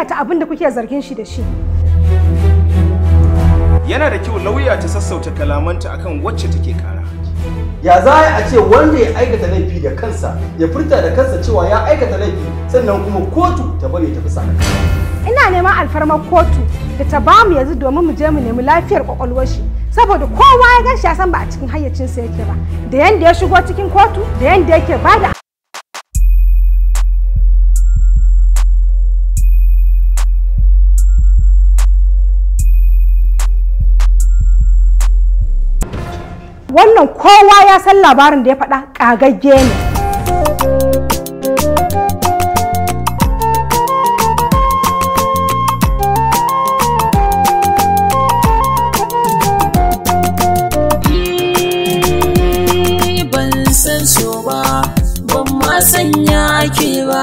aikata abin da kuke zargin shi da shi. Yana da kyau lauya ta sassauta kalamanta akan wacce take kara. Ya za a ce wanda ya aikata laifi da kansa ya furta da kansa cewa ya aikata laifi sannan kuma kotu ta bari ta fi Ina neman alfarmar kotu da ta bamu yanzu domin mu je mu nemi lafiyar kwakwalwar shi saboda kowa ya gan shi ya san ba a cikin hayyacinsa yake ba da yanda ya shigo cikin kotu da yanda yake bada wannan kowa ya san labarin da ya faɗa ƙagagge ne sanya ake ba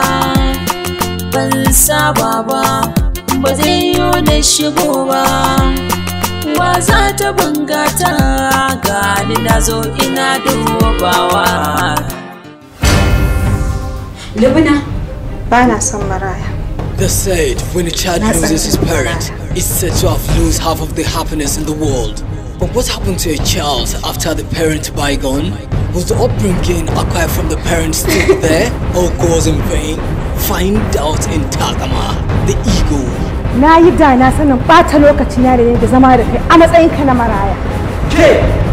ban saba ba ba zai yi da shigo ba ni na zo ina dubawa. lubina. Ba na son maraya. They said when a child loses his parent, it's said to have lost half of the happiness in the world. But what happened to a child after the parent bygone? Was the upbringing acquired from the parents still there, or goes in vain? Find out in Takama, the ego. Na yi da na sanin ɓata lokacin yare da zama da kai a matsayin na maraya. Ke!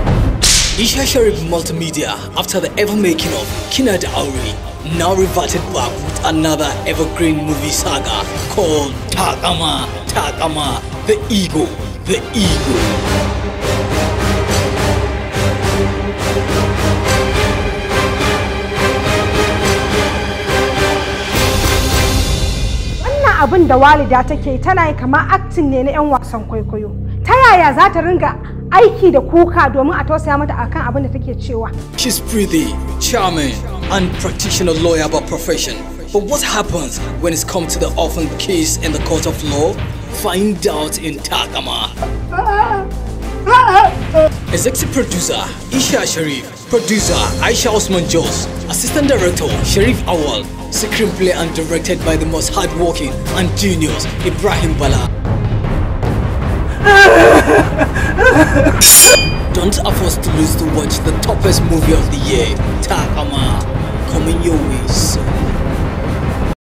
Disha Sharif Multimedia, after the ever making of Kina Auri, now reverted back with another evergreen movie saga called Takama, Takama, The Ego, The Ego. abin da walida take tana yi kamar aktin ne na 'yan wasan kwaikwayo ta yaya za ta ringa aiki da kuka domin a tausaya mata akan abin da take cewa. She's pretty, charming and practitioner lawyer by profession. But what happens when it's come to the often case in the court of law? Find out in Takama. Executive producer Isha Sharif, producer Aisha Osman Jos, assistant director Sharif Awal, screenplay and directed by the most hardworking and genius Ibrahim Bala. Don't afford to lose to watch the toughest movie of the year, Takama, coming your way soon.